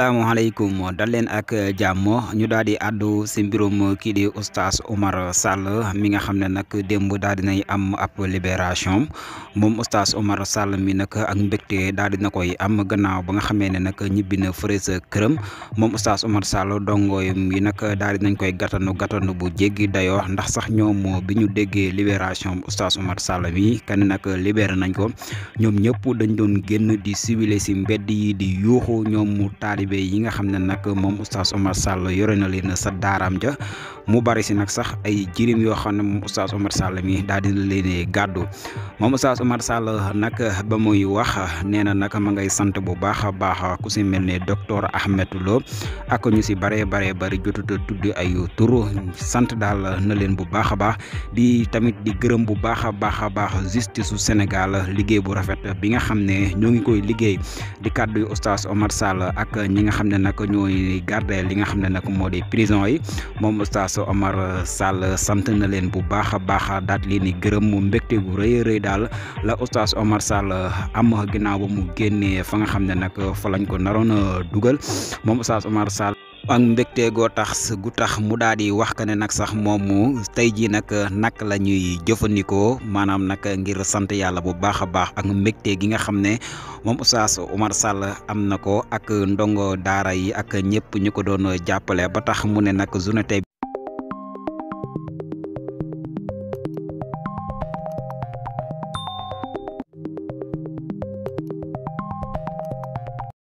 asalaamaaleykum dal leen ak jàmm ñu daal di àddu si mbirum kii di oustaz Oumar Sall mi nga xam ne nag démb daal di nay am ab libération moom oustaz Oumar Sall mi nag ak mbégte dal di na koy am gannaaw ba nga xamee ne nag ñibbi na fëre sa këram moom oustaz Oumar Sall dongoom yi nag daal di nañ koy gàttanu gàttanu bu jéggi dayoo ndax sax ñoom bi ñu déggee libération oustaz Oumar Sall mi kan nag libéré nañ ko ñoom ñëpp dañ doon génn di siwile si mbedd yi taalibe yi nga xam ne nag moom oustaz Oumar Sall yore na leen sa daaraam ja mu bari si nag sax ay jirim yoo xam ne moom oustaz Oumar Sall mi daal di leen gàddu moom oustaz Oumar Sall nag ba muy wax nee na nag ma ngay sant bu baax a baax ku si mel ne docteur Ahmed Lo ak ñu si baree baree bari jotuta tudd ay turu sant daal na leen bu baax a baax di tamit di gërëm bu baax a baax a baax justice su Sénégal liggéey bu rafet bi nga xam ne ñoo ngi koy liggéey di kàddu oustaz Oumar Sall ak ñi nga xam ne nag ñooy garder li nga xam ne nag moo de prison yi moom oustaz Oustaz Omar Sall sant na leen bu baax a baax daat leen di gërëm mu mbégte gu rëy a rëy daal la Oustaz Omar Sall am ginnaaw ba mu génnee fa nga xam ne nag fa lañ ko naroon a dugal moom Oustaz Omar Sall. ak mbégte goo tax gu tax mu daal di wax ka ne nag sax moom tey jii nag nak la jëfandikoo maanaam nag ngir sant yàlla bu baax a baax ak gi nga xam ne moom Oustaz Omar am na ko ak ndongo daara yi ak ñëpp ñu ko doon jàppale ba tax mu ne nag journée